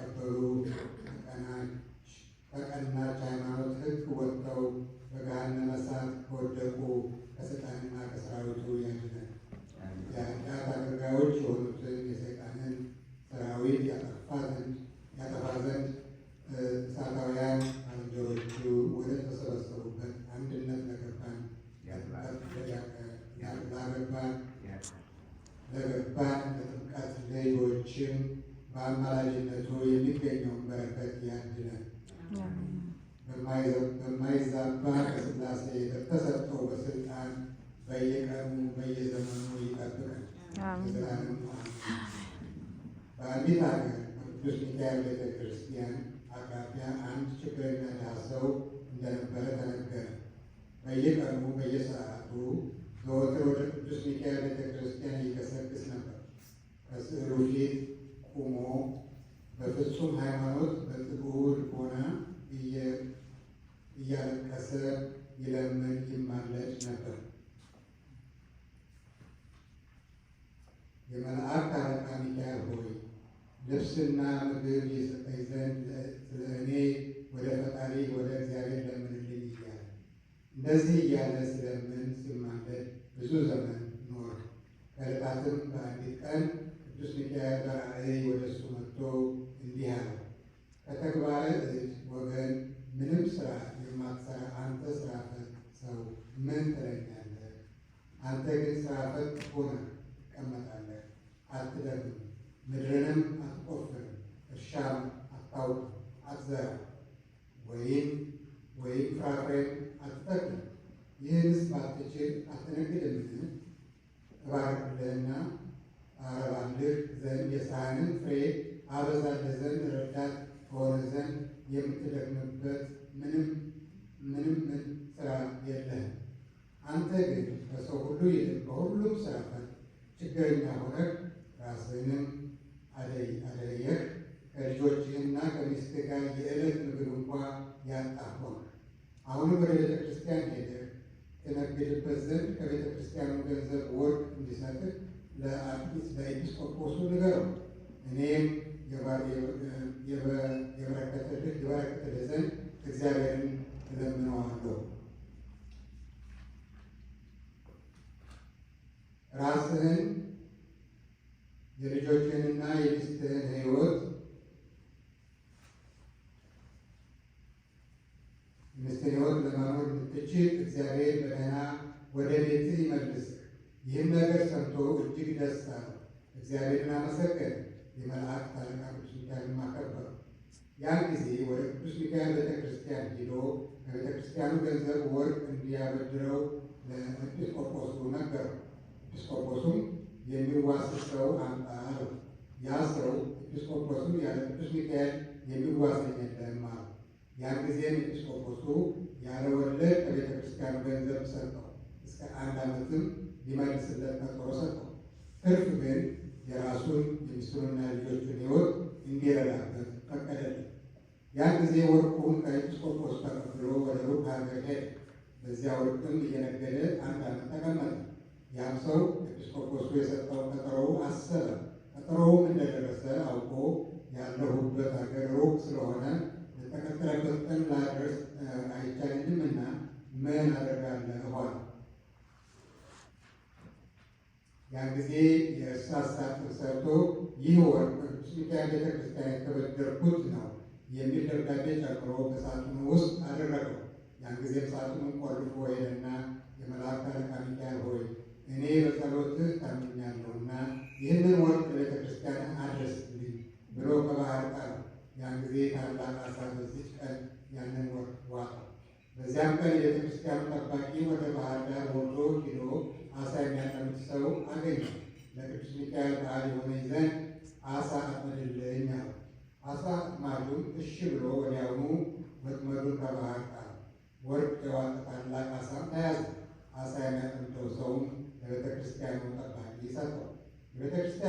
የተከበሩ ቀናች በቀናች ሃይማኖት ሕግ ወጥተው በገሃነመ እሳት ከወደቁ ከሰይጣንና ከሰራዊቱ ያድነን። የአዳት አገልጋዮች የሆኑትን የሰይጣንን ሰራዊት ያጠፋ ዘንድ ያጠፋ ዘንድ እሳታውያን ወደ ተሰበሰቡበት አንድነት ለገባን ላገባን ለገባን ለጥምቀት ልጆችን በአማላጅነቱ የሚገኘውን በረከት ያድለን። በማይዛባ ከስላሴ በተሰጠው በስልጣን በየቀኑ በየዘመኑ ይጠብቃል። በአንዲት ሀገር ቅዱስ ሚካኤል ቤተ ክርስቲያን አቅራቢያ አንድ ችግረኛ ድሃ ሰው እንደነበረ ተነገረ። በየቀኑ በየሰዓቱ ዘወትር ወደ ቅዱስ ሚካኤል ቤተ ክርስቲያን ይቀሰቅስ ነበር። ሲዘመር ይማለድ ነበር። የመላእክት አለቃ ሚካኤል ሆይ ልብስና ምግብ የሰጠኝ ዘንድ ስለእኔ ወደ ፈጣሪ ወደ እግዚአብሔር ለምንልኝ እያለ እንደዚህ እያለ ስለምን ሲማለድ ብዙ ዘመን ኖር። ከዕለታትም በአንዲት ቀን ቅዱስ ሚካኤል በራእይ ወደ እሱ መጥቶ እንዲህ አለ። ከተግባረ እጅ ወገን ምንም ስራ የማትሰራ አንተ ስራ ፈጽ ሰው ምን ትለኛለህ? አንተ ግን ስራፈት ሆነህ ትቀመጣለህ። አትደግም፣ ምድርንም አትቆፍርም፣ እርሻም አታውቅ፣ አትዘራ ወይም ወይም ፍራፍሬም አትተክልም። ይህንስ ባትችል አትነግድምን? እባርክልህና አረባልህ ዘንድ የሳህንን ፍሬ አበዛልህ ዘንድ ረዳት ከሆነ ዘንድ የምትደክምበት ምንም ምንም ምን ስራ የለህም። አንተ ግን ከሰው ሁሉ ይልቅ በሁሉም ስራ ፈት ችግረኛ ሆነህ ራስህንም አደለየህ። ከልጆችህና ከሚስትህ ጋር የዕለት ምግብ እንኳ ያጣህ ሆንህ። አሁንም ወደ ቤተ ክርስቲያን ሄደህ ትነግድበት ዘንድ ከቤተ ክርስቲያኑ ገንዘብ ወርቅ እንዲሰጥህ ለኤጲስቆጶሱ ንገረው። እኔም የባሪ ራስህን የልጆችህንና የሚስትህን ሕይወት ሚስትህን ህይወት ለመኖር እንድትችል እግዚአብሔር በደህና ወደ ቤትህ ይመልስ። ይህን ነገር ሰምቶ እጅግ ደስታ ነው። እግዚአብሔርን አመሰገን፣ የመላእክት አለቃ ቅዱስ ሚካኤልን አከበረ። ያን ጊዜ ወደ ቅዱስ ሚካኤል ቤተክርስቲያን ክርስቲያን ሂዶ ገንዘብ ወርቅ እንዲያበድረው ለቅዱስ ኤጲስቆጶሱም የሚዋስስ ሰው አምጣ አለው። ያ ሰው ኤጲስቆጶሱም ያለ ቅዱስ ሚካኤል የሚዋሰኝ የለም አለ። ያን ጊዜም ኤጲስቆጶሱ ያለ ወለድ ከቤተ ክርስቲያን ገንዘብ ሰጠው። እስከ አንድ ዓመትም ሊመልስለት ቀጠሮ ሰጠው። ትርፍ ግን የራሱን የሚስቱንና ልጆቹን ሕይወት እንዲረዳበት ፈቀደለት። ያን ጊዜ ወርቁን ከኤጲስቆጶስ ተቀብሎ ወደ ሩቅ ሀገር ሄደ። በዚያ ወርቅም እየነገደ አንድ ዓመት ተቀመጠ። ያም ሰው ኤጲስቆጶሱ የሰጠውን ቀጠሮ አሰበ። ቀጠሮውም እንደደረሰ አውቆ ያለሁበት ሀገር ሩቅ ስለሆነ የተቀጠረበት ቀን ላድረስ ላደርስ እና ምን አደርጋለሁ አለ። ያን ጊዜ የእርሳስ ሳጥን ሰርቶ ይህ ወር ቅዱስ ሚካኤል ቤተክርስቲያን የተበደርኩት ነው የሚል ደብዳቤ ጨምሮ በሳጥኑ ውስጥ አደረገው። ያን ጊዜም ሳጥኑን ቆልፎ ሄደና የመላእክት አለቃ ሚካኤል ሆይ እኔ በጸሎትህ ታምኛለሁና ይህንን ወርቅ ቤተክርስቲያን አድርስልኝ ብሎ ከባህር ጣር። ያን ጊዜ ታላቅ አሳ በዚች ቀን ያንን ወርቅ ዋጠው። በዚያም ቀን ቤተክርስቲያኑ ጠባቂ ወደ ባህር ዳር ወርዶ ሂዶ አሳ የሚያጠምድ ሰው አገኘ። ለቅዱስ ሚካኤል በዓል የሆነ ዘንድ አሳ አጥምድልኝ አለ። አሳ አጥማጁም እሺ ብሎ ወዲያውኑ ወጥመዱን ከባህር ጣር ወርቅ የዋጠ ታላቅ አሳም ተያዘ። አሳ የሚያጠምደው ሰውም ለቤተክርስቲያኑ ጠባቂ ሰጠው።